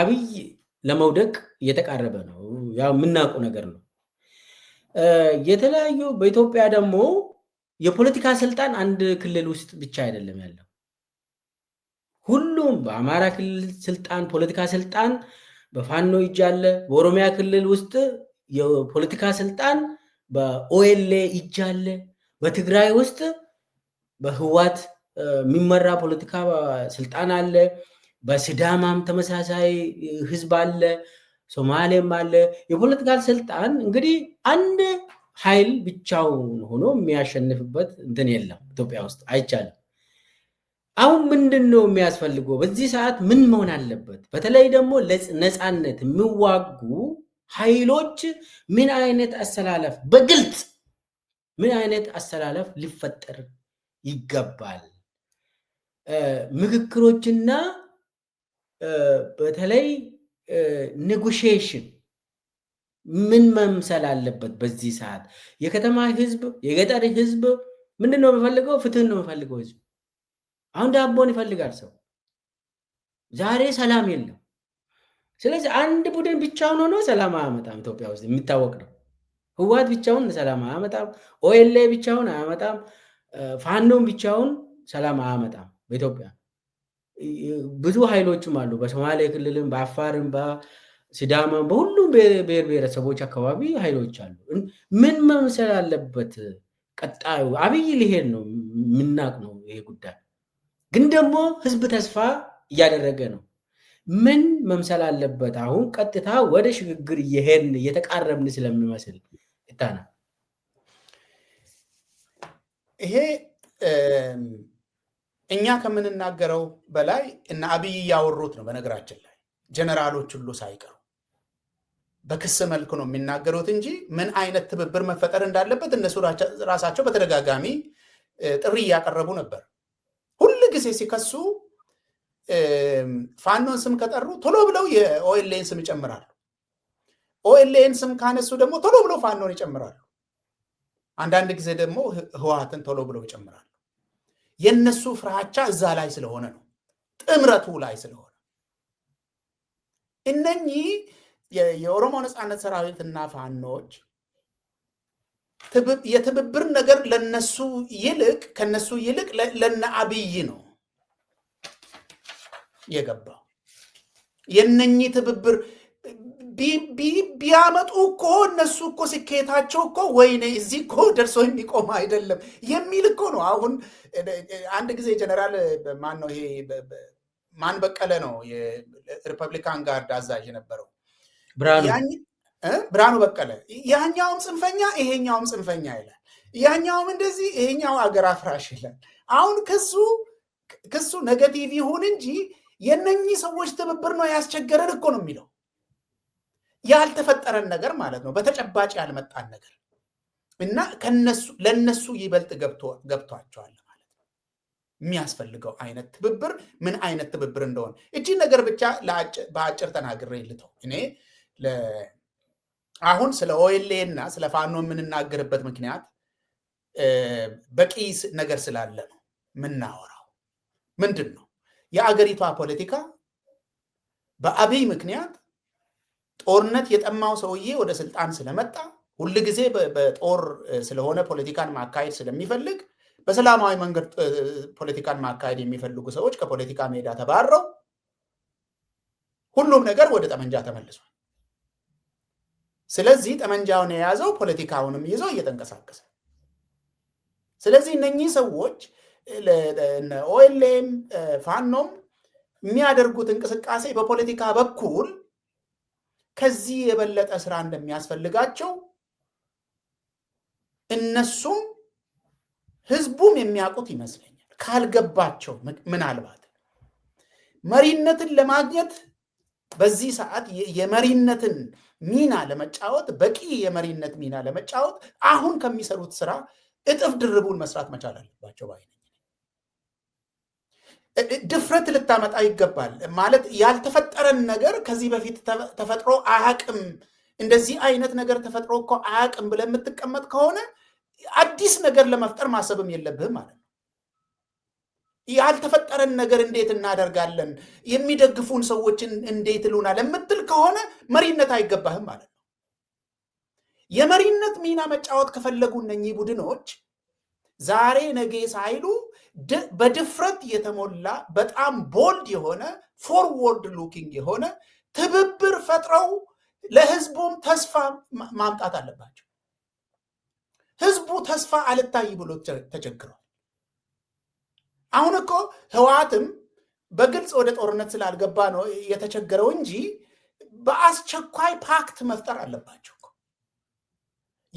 አብይ ለመውደቅ እየተቃረበ ነው። ያው የምናውቀው ነገር ነው። የተለያዩ በኢትዮጵያ ደግሞ የፖለቲካ ስልጣን አንድ ክልል ውስጥ ብቻ አይደለም ያለው። ሁሉም በአማራ ክልል ስልጣን ፖለቲካ ስልጣን በፋኖ እጅ አለ። በኦሮሚያ ክልል ውስጥ የፖለቲካ ስልጣን በኦኤልኤ እጅ አለ። በትግራይ ውስጥ በህዋት የሚመራ ፖለቲካ ስልጣን አለ። በሲዳማም ተመሳሳይ ህዝብ አለ፣ ሶማሌም አለ። የፖለቲካል ስልጣን እንግዲህ አንድ ኃይል ብቻውን ሆኖ የሚያሸንፍበት እንትን የለም ኢትዮጵያ ውስጥ አይቻልም። አሁን ምንድን ነው የሚያስፈልገው? በዚህ ሰዓት ምን መሆን አለበት? በተለይ ደግሞ ለነፃነት የሚዋጉ ኃይሎች ምን አይነት አሰላለፍ በግልጽ ምን አይነት አሰላለፍ ሊፈጠር ይገባል? ምክክሮችና በተለይ ኔጎሽዬሽን ምን መምሰል አለበት? በዚህ ሰዓት የከተማ ህዝብ፣ የገጠር ህዝብ ምንድን ነው የሚፈልገው? ፍትህን ነው የሚፈልገው ህዝብ። አሁን ዳቦን ይፈልጋል ሰው። ዛሬ ሰላም የለም። ስለዚህ አንድ ቡድን ብቻውን ሆኖ ሰላም አያመጣም። ኢትዮጵያ ውስጥ የሚታወቅ ነው። ህዋት ብቻውን ሰላም አያመጣም። ኦኤልኤ ብቻውን አያመጣም። ፋኖም ብቻውን ሰላም አያመጣም በኢትዮጵያ ብዙ ኃይሎችም አሉ። በሶማሌ ክልልም፣ በአፋርም፣ በሲዳማም በሁሉም ብሔር ብሔረሰቦች አካባቢ ኃይሎች አሉ። ምን መምሰል አለበት? ቀጣዩ አብይ ሊሄድ ነው። የምናቅ ነው ይሄ ጉዳይ ግን ደግሞ ህዝብ ተስፋ እያደረገ ነው። ምን መምሰል አለበት? አሁን ቀጥታ ወደ ሽግግር እየሄድን እየተቃረብን ስለሚመስል ይታና ይሄ እኛ ከምንናገረው በላይ እነ አብይ እያወሩት ነው። በነገራችን ላይ ጀነራሎች ሁሉ ሳይቀሩ በክስ መልክ ነው የሚናገሩት እንጂ ምን አይነት ትብብር መፈጠር እንዳለበት እነሱ ራሳቸው በተደጋጋሚ ጥሪ እያቀረቡ ነበር። ሁል ጊዜ ሲከሱ ፋኖን ስም ከጠሩ ቶሎ ብለው የኦኤልኤን ስም ይጨምራሉ። ኦኤልኤን ስም ካነሱ ደግሞ ቶሎ ብለው ፋኖን ይጨምራሉ። አንዳንድ ጊዜ ደግሞ ህወሓትን ቶሎ ብለው ይጨምራሉ። የነሱ ፍራቻ እዛ ላይ ስለሆነ ነው፣ ጥምረቱ ላይ ስለሆነ እነኚህ የኦሮሞ ነፃነት ሰራዊትና ፋኖች የትብብር ነገር ለነሱ ይልቅ ከነሱ ይልቅ ለነ አብይ ነው የገባው የነኚህ ትብብር ቢያመጡ እኮ እነሱ እኮ ስኬታቸው እኮ ወይኔ እዚህ እኮ ደርሶ የሚቆም አይደለም የሚል እኮ ነው። አሁን አንድ ጊዜ ጀነራል ማን ነው ይሄ ማን በቀለ ነው የሪፐብሊካን ጋርድ አዛዥ የነበረው ብርሃኑ በቀለ። ያኛውም ጽንፈኛ ይሄኛውም ጽንፈኛ ይላል፣ ያኛውም እንደዚህ ይሄኛው አገር አፍራሽ ይላል። አሁን ክሱ ክሱ ነገቲቭ ይሁን እንጂ የነኚህ ሰዎች ትብብር ነው ያስቸገረን እኮ ነው የሚለው ያልተፈጠረን ነገር ማለት ነው። በተጨባጭ ያልመጣን ነገር እና ከነሱ ለነሱ ይበልጥ ገብቷቸዋል ማለት ነው። የሚያስፈልገው አይነት ትብብር ምን አይነት ትብብር እንደሆነ እቺ ነገር ብቻ በአጭር ተናግሬ ልተው። እኔ አሁን ስለ ኦኤልኤ እና ስለ ፋኖ የምንናገርበት ምክንያት በቂ ነገር ስላለ ነው ምናወራው? ምንድን ነው የአገሪቷ ፖለቲካ በአብይ ምክንያት ጦርነት የጠማው ሰውዬ ወደ ስልጣን ስለመጣ ሁል ጊዜ በጦር ስለሆነ ፖለቲካን ማካሄድ ስለሚፈልግ በሰላማዊ መንገድ ፖለቲካን ማካሄድ የሚፈልጉ ሰዎች ከፖለቲካ ሜዳ ተባረው ሁሉም ነገር ወደ ጠመንጃ ተመልሷል። ስለዚህ ጠመንጃውን የያዘው ፖለቲካውንም ይዞ እየተንቀሳቀሰ ስለዚህ እነኚህ ሰዎች ኦኤልኤም ፋኖም የሚያደርጉት እንቅስቃሴ በፖለቲካ በኩል ከዚህ የበለጠ ስራ እንደሚያስፈልጋቸው እነሱም ህዝቡም የሚያውቁት ይመስለኛል። ካልገባቸው ምናልባት መሪነትን ለማግኘት በዚህ ሰዓት የመሪነትን ሚና ለመጫወት በቂ የመሪነት ሚና ለመጫወት አሁን ከሚሰሩት ስራ እጥፍ ድርቡን መስራት መቻል አለባቸው ባይ ድፍረት ልታመጣ ይገባል። ማለት ያልተፈጠረን ነገር ከዚህ በፊት ተፈጥሮ አያቅም፣ እንደዚህ አይነት ነገር ተፈጥሮ እኮ አያቅም ብለህ የምትቀመጥ ከሆነ አዲስ ነገር ለመፍጠር ማሰብም የለብህም ማለት ነው። ያልተፈጠረን ነገር እንዴት እናደርጋለን፣ የሚደግፉን ሰዎችን እንዴት ይሉናል የምትል ከሆነ መሪነት አይገባህም ማለት ነው። የመሪነት ሚና መጫወት ከፈለጉ እነኚህ ቡድኖች ዛሬ ነገ ሳይሉ በድፍረት የተሞላ በጣም ቦልድ የሆነ ፎርወርድ ሉኪንግ የሆነ ትብብር ፈጥረው ለህዝቡም ተስፋ ማምጣት አለባቸው። ህዝቡ ተስፋ አልታይ ብሎ ተቸግሯል። አሁን እኮ ህወሓትም በግልጽ ወደ ጦርነት ስላልገባ ነው የተቸገረው እንጂ በአስቸኳይ ፓክት መፍጠር አለባቸው።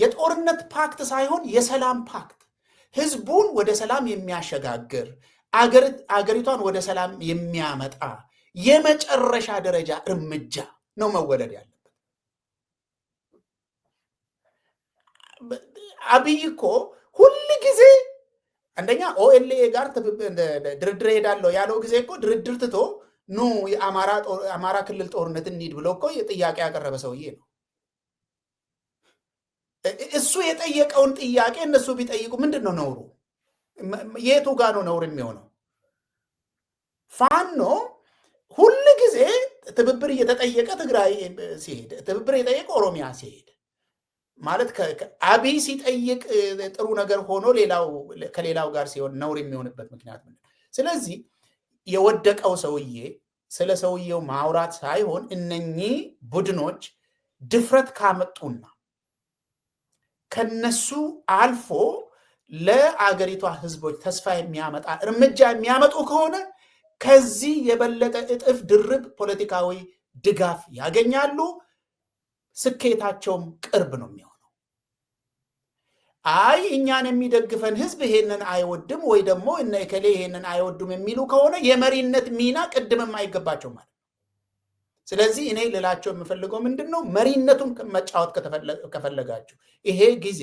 የጦርነት ፓክት ሳይሆን የሰላም ፓክት ህዝቡን ወደ ሰላም የሚያሸጋግር አገሪቷን ወደ ሰላም የሚያመጣ የመጨረሻ ደረጃ እርምጃ ነው መወለድ ያለበት። አብይ እኮ ሁል ጊዜ አንደኛ ኦኤልኤ ጋር ድርድር ሄዳለሁ ያለው ጊዜ እኮ ድርድር ትቶ ኑ የአማራ ክልል ጦርነት እንሂድ ብሎ እኮ ጥያቄ ያቀረበ ሰውዬ ነው። እሱ የጠየቀውን ጥያቄ እነሱ ቢጠይቁ ምንድን ነው ነውሩ? የቱ ጋ ነው ነውር የሚሆነው? ፋኖ ሁል ጊዜ ትብብር እየተጠየቀ ትግራይ ሲሄድ፣ ትብብር እየጠየቀ ኦሮሚያ ሲሄድ ማለት አብይ ሲጠይቅ ጥሩ ነገር ሆኖ ከሌላው ጋር ሲሆን ነውር የሚሆንበት ምክንያት ምንድን ነው? ስለዚህ የወደቀው ሰውዬ ስለ ሰውየው ማውራት ሳይሆን እነኚህ ቡድኖች ድፍረት ካመጡና ከነሱ አልፎ ለአገሪቷ ህዝቦች ተስፋ የሚያመጣ እርምጃ የሚያመጡ ከሆነ ከዚህ የበለጠ እጥፍ ድርብ ፖለቲካዊ ድጋፍ ያገኛሉ። ስኬታቸውም ቅርብ ነው የሚሆነው። አይ እኛን የሚደግፈን ህዝብ ይሄንን አይወድም ወይ ደግሞ እነ እከሌ ይሄንን አይወዱም የሚሉ ከሆነ የመሪነት ሚና ቅድምም አይገባቸው ማለት ስለዚህ እኔ ልላቸው የምፈልገው ምንድን ነው መሪነቱን መጫወት ከፈለጋችሁ ይሄ ጊዜ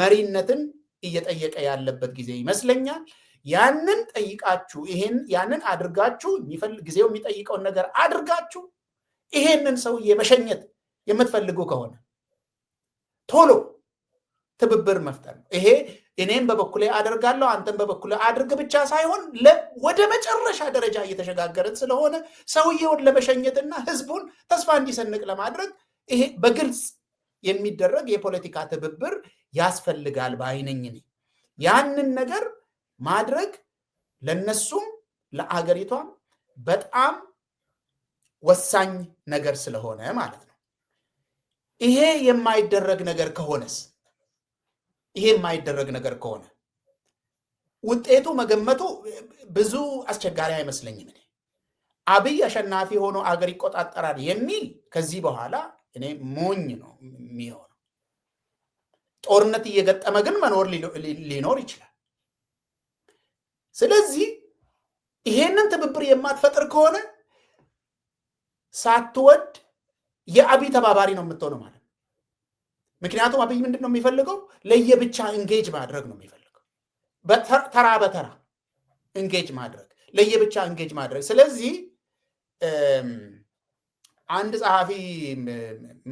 መሪነትን እየጠየቀ ያለበት ጊዜ ይመስለኛል። ያንን ጠይቃችሁ ይሄን ያንን አድርጋችሁ ጊዜው የሚጠይቀውን ነገር አድርጋችሁ ይሄንን ሰውዬ መሸኘት የምትፈልጉ ከሆነ ቶሎ ትብብር መፍጠር ነው ይሄ እኔም በበኩሌ አደርጋለሁ አንተም በበኩሌ አድርግ ብቻ ሳይሆን ወደ መጨረሻ ደረጃ እየተሸጋገርን ስለሆነ ሰውየውን ለመሸኘትና ህዝቡን ተስፋ እንዲሰንቅ ለማድረግ ይሄ በግልጽ የሚደረግ የፖለቲካ ትብብር ያስፈልጋል በአይነኝ እኔ ያንን ነገር ማድረግ ለነሱም ለአገሪቷም በጣም ወሳኝ ነገር ስለሆነ ማለት ነው። ይሄ የማይደረግ ነገር ከሆነስ ይሄ የማይደረግ ነገር ከሆነ ውጤቱ መገመቱ ብዙ አስቸጋሪ አይመስለኝም። እኔ አብይ አሸናፊ ሆኖ አገር ይቆጣጠራል የሚል ከዚህ በኋላ እኔ ሞኝ ነው የሚሆነው። ጦርነት እየገጠመ ግን መኖር ሊኖር ይችላል። ስለዚህ ይሄንን ትብብር የማትፈጥር ከሆነ ሳትወድ የአብይ ተባባሪ ነው የምትሆነው ማለት ምክንያቱም አብይ ምንድን ነው የሚፈልገው? ለየብቻ እንጌጅ ማድረግ ነው የሚፈልገው። ተራ በተራ እንጌጅ ማድረግ፣ ለየብቻ እንጌጅ ማድረግ። ስለዚህ አንድ ጸሐፊ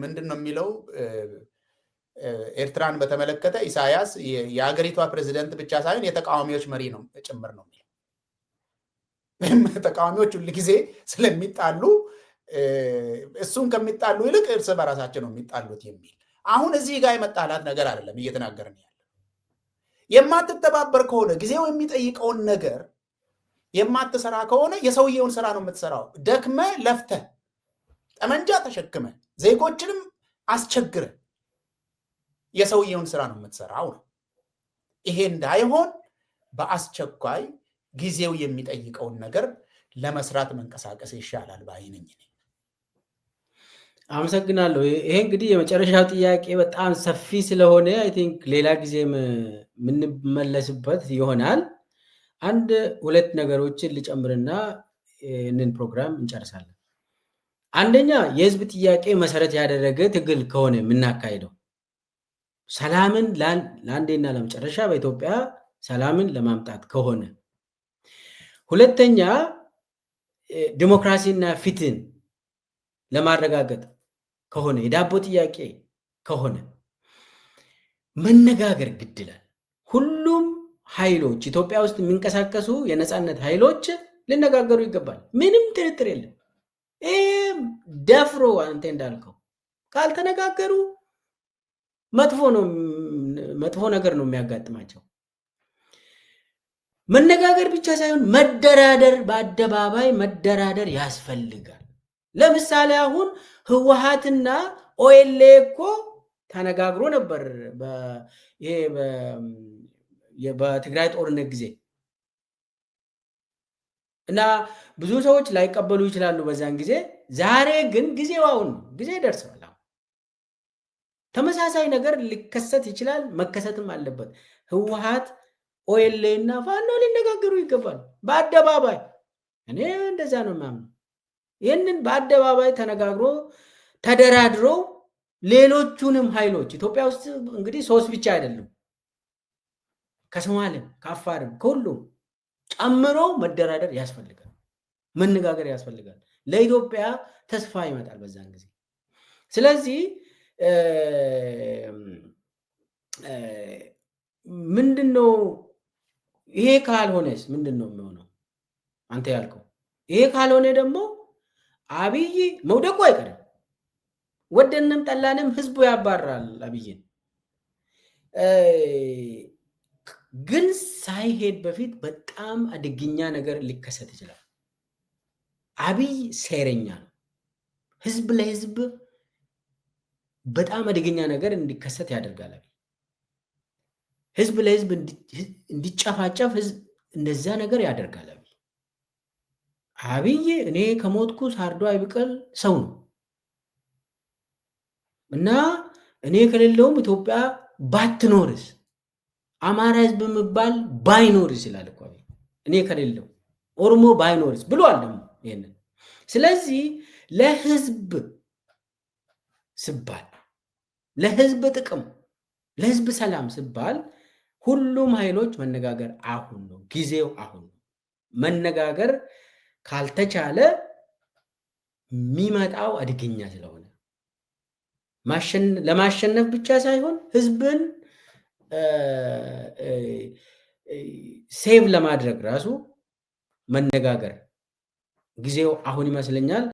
ምንድን ነው የሚለው ኤርትራን በተመለከተ ኢሳያስ የሀገሪቷ ፕሬዚደንት ብቻ ሳይሆን የተቃዋሚዎች መሪ ነው ጭምር ነው የሚለው። ተቃዋሚዎች ሁል ጊዜ ስለሚጣሉ እሱን ከሚጣሉ ይልቅ እርስ በራሳቸው ነው የሚጣሉት የሚል አሁን እዚህ ጋር የመጣላት ነገር አይደለም እየተናገርን ያለ። የማትተባበር ከሆነ ጊዜው የሚጠይቀውን ነገር የማትሰራ ከሆነ የሰውየውን ስራ ነው የምትሰራው። ደክመ ለፍተ ጠመንጃ ተሸክመ ዜጎችንም አስቸግረ የሰውየውን ስራ ነው የምትሰራው ነው። ይሄ እንዳይሆን በአስቸኳይ ጊዜው የሚጠይቀውን ነገር ለመስራት መንቀሳቀስ ይሻላል ባይነኝ። አመሰግናለሁ። ይሄ እንግዲህ የመጨረሻው ጥያቄ በጣም ሰፊ ስለሆነ አይ ቲንክ ሌላ ጊዜ የምንመለስበት ይሆናል። አንድ ሁለት ነገሮችን ልጨምርና ይህንን ፕሮግራም እንጨርሳለን። አንደኛ የህዝብ ጥያቄ መሰረት ያደረገ ትግል ከሆነ የምናካሄደው ሰላምን ለአንዴና ለመጨረሻ በኢትዮጵያ ሰላምን ለማምጣት ከሆነ፣ ሁለተኛ ዲሞክራሲና ፍትህን ለማረጋገጥ ከሆነ የዳቦ ጥያቄ ከሆነ መነጋገር ግድ ይላል። ሁሉም ኃይሎች ኢትዮጵያ ውስጥ የሚንቀሳቀሱ የነፃነት ኃይሎች ሊነጋገሩ ይገባል። ምንም ጥርጥር የለም። ይህም ደፍሮ አንተ እንዳልከው ካልተነጋገሩ መጥፎ ነው መጥፎ ነገር ነው የሚያጋጥማቸው። መነጋገር ብቻ ሳይሆን መደራደር፣ በአደባባይ መደራደር ያስፈልጋል። ለምሳሌ አሁን ህወሀትና ኦኤልኤ እኮ ተነጋግሮ ነበር። በትግራይ ጦርነት ጊዜ እና ብዙ ሰዎች ላይቀበሉ ይችላሉ በዛን ጊዜ። ዛሬ ግን ጊዜው አሁን ጊዜ ደርሰዋል። አሁን ተመሳሳይ ነገር ሊከሰት ይችላል፣ መከሰትም አለበት። ህወሀት ኦኤልኤ እና ፋኖ ሊነጋገሩ ይገባል በአደባባይ። እኔ እንደዛ ነው የማምነው። ይህንን በአደባባይ ተነጋግሮ ተደራድሮ ሌሎቹንም ኃይሎች ኢትዮጵያ ውስጥ እንግዲህ ሶስት ብቻ አይደለም፣ ከሶማሌም ከአፋርም ከሁሉም ጨምሮ መደራደር ያስፈልጋል፣ መነጋገር ያስፈልጋል። ለኢትዮጵያ ተስፋ ይመጣል በዛን ጊዜ። ስለዚህ ምንድን ነው ይሄ ካልሆነስ ምንድን ነው የሚሆነው? አንተ ያልከው ይሄ ካልሆነ ደግሞ አብይ መውደቁ አይቀርም። ወደንም ጠላንም ህዝቡ ያባራል አብይን። ግን ሳይሄድ በፊት በጣም አደገኛ ነገር ሊከሰት ይችላል። አብይ ሴረኛ ነው። ህዝብ ለህዝብ በጣም አደገኛ ነገር እንዲከሰት ያደርጋል። አብይ ህዝብ ለህዝብ እንዲጨፋጨፍ እንደዛ ነገር ያደርጋል። አብይ እኔ ከሞትኩ ሳርዶ አይብቀል ሰው ነው እና እኔ ከሌለውም ኢትዮጵያ ባትኖርስ አማራ ህዝብ የሚባል ባይኖርስ ይላል እኮ እኔ ከሌለው ኦሮሞ ባይኖርስ ብሏል ደግሞ ይሄንን ስለዚህ ለህዝብ ስባል ለህዝብ ጥቅም ለህዝብ ሰላም ስባል ሁሉም ኃይሎች መነጋገር አሁን ነው ጊዜው አሁን ነው መነጋገር ካልተቻለ የሚመጣው አደገኛ ስለሆነ ለማሸነፍ ብቻ ሳይሆን ህዝብን ሴቭ ለማድረግ ራሱ መነጋገር ጊዜው አሁን ይመስለኛል።